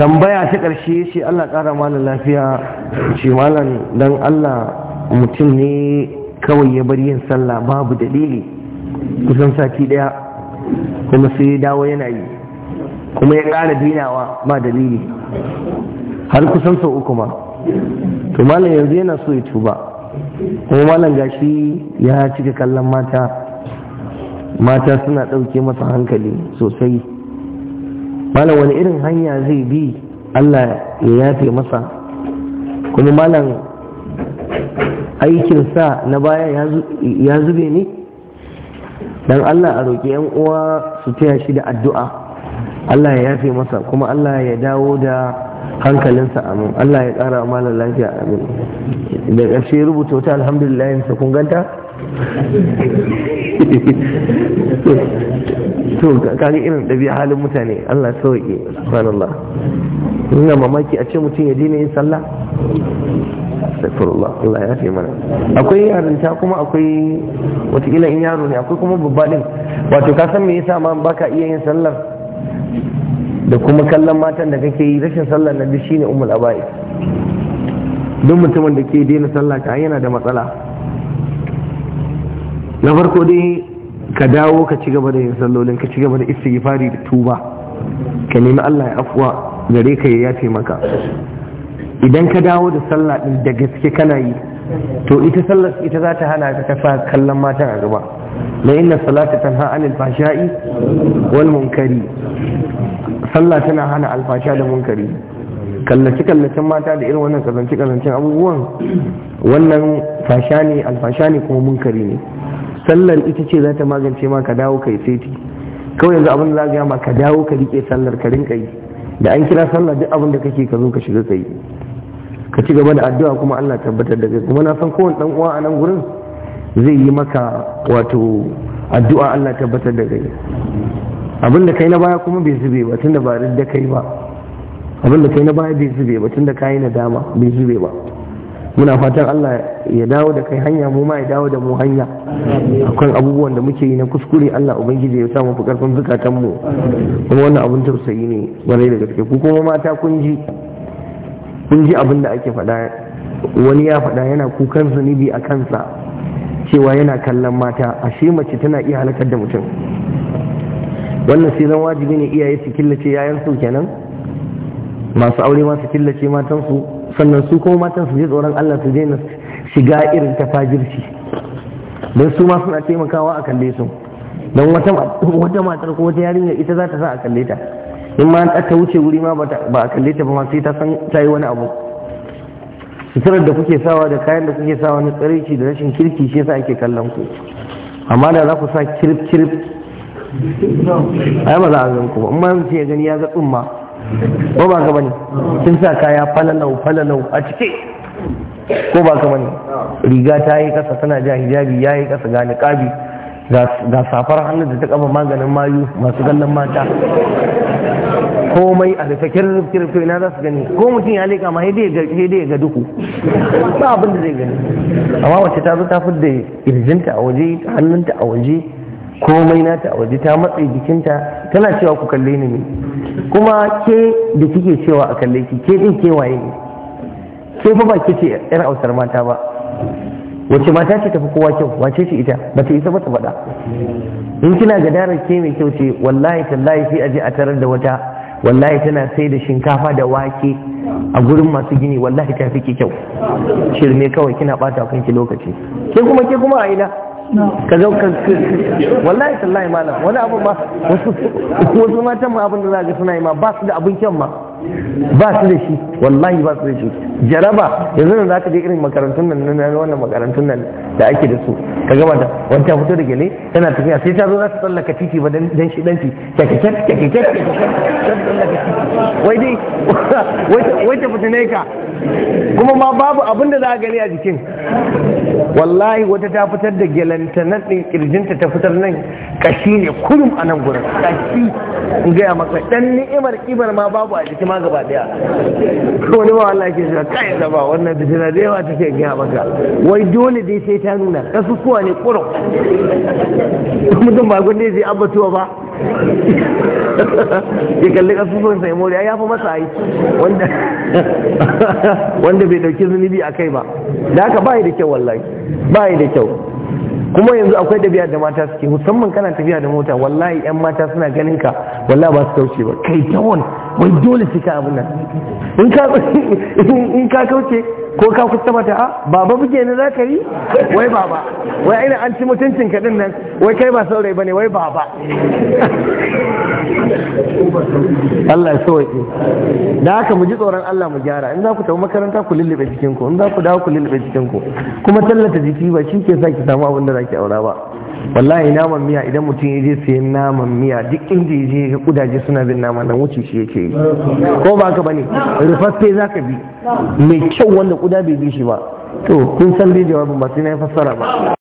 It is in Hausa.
tambaya ta ƙarshe ce Allah ƙara malam lafiya shi malam don Allah mutum ne kawai ya bar yin sallah babu dalili kusan sati ɗaya kuma sai ya dawo yana yi kuma ya ƙara dinawa ba dalili har kusan sau uku ma to malam yanzu yana so ya tuba kuma malam gashi ya cika kallon mata mata suna ɗauke masa hankali sosai malam wani irin hanya zai bi Allah ya yafe masa kuma malam aikinsa na baya ya zube ne don Allah a roƙi 'yan uwa su taya shi da addu'a Allah ya yafe masa kuma Allah ya dawo da hankalinsa amin Allah ya ƙara malam lafiya amin da ƙarshe rubuta wata alhamdulillah sa kun ganta to kaga irin ɗabi'a halin mutane Allah sauke subhanallah ina mamaki a ce mutum ya daina yin sallah astaghfirullah Allah ya fi mana akwai yarinta kuma akwai wata in yaro ne akwai kuma babba din wato ka san me yasa ma baka iya yin sallar da kuma kallon matan da kake yi rashin sallar na duk shine ummul abai duk mutumin da ke daina sallah ka yana da matsala na farko dai ka dawo ka ci gaba da yin sallolin ka ci gaba da istighfari da tuba ka nemi Allah ya afuwa gare ka ya yafe maka idan ka dawo da sallah din da gaske kana yi to ita sallar ita za ta hana ka kasa kallon matan a gaba la inna salata tanha anil fashai wal munkari sallah tana hana alfasha da munkari kallaci kallacin mata da irin wannan kazanci kazancin abubuwan wannan fasha ne alfasha ne kuma munkari ne sallar ita ce za ta magance ma ka dawo kai saiti kawai yanzu abin da za gaya ma ka dawo ka rike sallar ka rinka yi da an kira sallar duk abin da kake ka zo ka shiga kai ka ci gaba da addu'a kuma Allah tabbatar da kai kuma na san kowane dan uwa a nan gurin zai yi maka wato addu'a Allah tabbatar da kai abin da kai na baya kuma bai zube ba tunda ba da kai ba abin da kai na baya bai zube ba tunda kai na dama bai zube ba muna fatan Allah ya dawo da kai hanya mu ma ya dawo da mu hanya akan abubuwan da muke yi na kuskure Allah ubangiji ya sa mu karfin zukatan mu kuma wannan abun tausayi ne wani da gaske ku kuma mata kun ji kun ji abin da ake faɗa wani ya faɗa yana kukan zunubi a kansa cewa yana kallon mata ashe mace tana iya halakar da mutum wannan sai zan wajibi ne iyaye su killace yayan su kenan masu aure ma su killace su sannan su kuma matan su je tsoron Allah su daina shiga irin ta fajirci don su ma suna taimakawa a kalle su don wata matar ko wata yarinya ita za ta sa a kalle ta in ma ta wuce wuri ma ba a kalle ta ba ma sai ta san ta yi wani abu suturar da kuke sawa da kayan da kuke sawa na tsaraici da rashin kirki shi yasa ake kallon ku amma da za ku sa kirif kirif ai ba za a gan ku ba in ma ya gani ya ga tsumma ko ba ka bane sun sa kaya falalau falalau a cike ko ba ka bane riga ta yi kasa tana ja hijabi ya yi kasa ga niqabi ga safar hannu da ta kafa maganin mayu masu kallon mata komai a rufe kirrif kirrif na za su gani ko mutum ya leka ma dai ga duhu ba abin da zai gani amma wacce ta zo ta da irjinta a waje hannunta a waje komai nata a waje ta matsayi jikinta tana cewa ku kalle ni ne kuma ke da kike cewa a kalle ki ke din waye ne ke fa ba ke ce yar ausar mata ba wace mata ce tafi kowa kyau wace ce ita ba ta isa ba ta faɗa in kina ga gadarar ke mai kyau ce wallahi tallahi sai a je a tarar da wata wallahi tana sai da shinkafa da wake a gurin masu gini wallahi ta fi kyau shirme kawai kina bata kanki lokaci ke kuma ke kuma a ina ka ga kan wallahi tallahi malam wani abu ba wasu wasu mata ma abin da za ga suna yi ma ba su da abin kyan ma ba su da shi wallahi ba su da shi jaraba yanzu da zaka je irin makarantun nan na wannan makarantun nan da ake da su ka ga wata wata fito da gele tana tafiya sai ta zo za ta tsallaka titi ba dan shi dan shi kyakkyar kyakkyar wai dai wai ta ne ka kuma ma babu abin da za ka gani a jikin wallahi wata ta fitar da gelanta na ɗin kirjinta ta fitar nan kashi ne kurum a nan gurin kashi in gaya maka dan ni'imar kibar ma babu a jiki ma gaba daya wani ma wallahi ke cewa kai da ba wannan fitina da yawa take gaya maka wai dole dai sai ta nuna kasusuwa ne kurum mutum ba gudun zai abatuwa ba ya kalli kasusuwan sai moriya ya fi masa aiki wanda bai dauki zunubi a kai ba da haka bai da kyau wallahi bai da kyau kuma yanzu akwai tafiya da mata suke musamman kana tafiya da mota wallahi yan mata suna ganin ka wallahi ba su kauce ba kai tawon wai dole su ka abin nan in ka in ka kauce ko ka kusa mata a ah, baba buge ne za ka yi wai baba wai ina an ci mutuncin ka din nan wai kai ba saurayi bane wai baba Allah ya sauke da haka mu ji tsoron Allah mu gyara in za ku tafi makaranta ku lullube jikinku in za ku dawo ku lullube jikinku kuma tallata jiki ba shi ke sa ki samu abin da zaki aura ba wallahi naman miya idan mutum ya je sayan naman miya duk inda yaje ga kudaje suna bin naman nan wuce shi yake yi ko ba haka bane rufaffe za ka bi mai kyau wanda kuda bai bi shi ba to kun san dai jawabin ba sai na fassara ba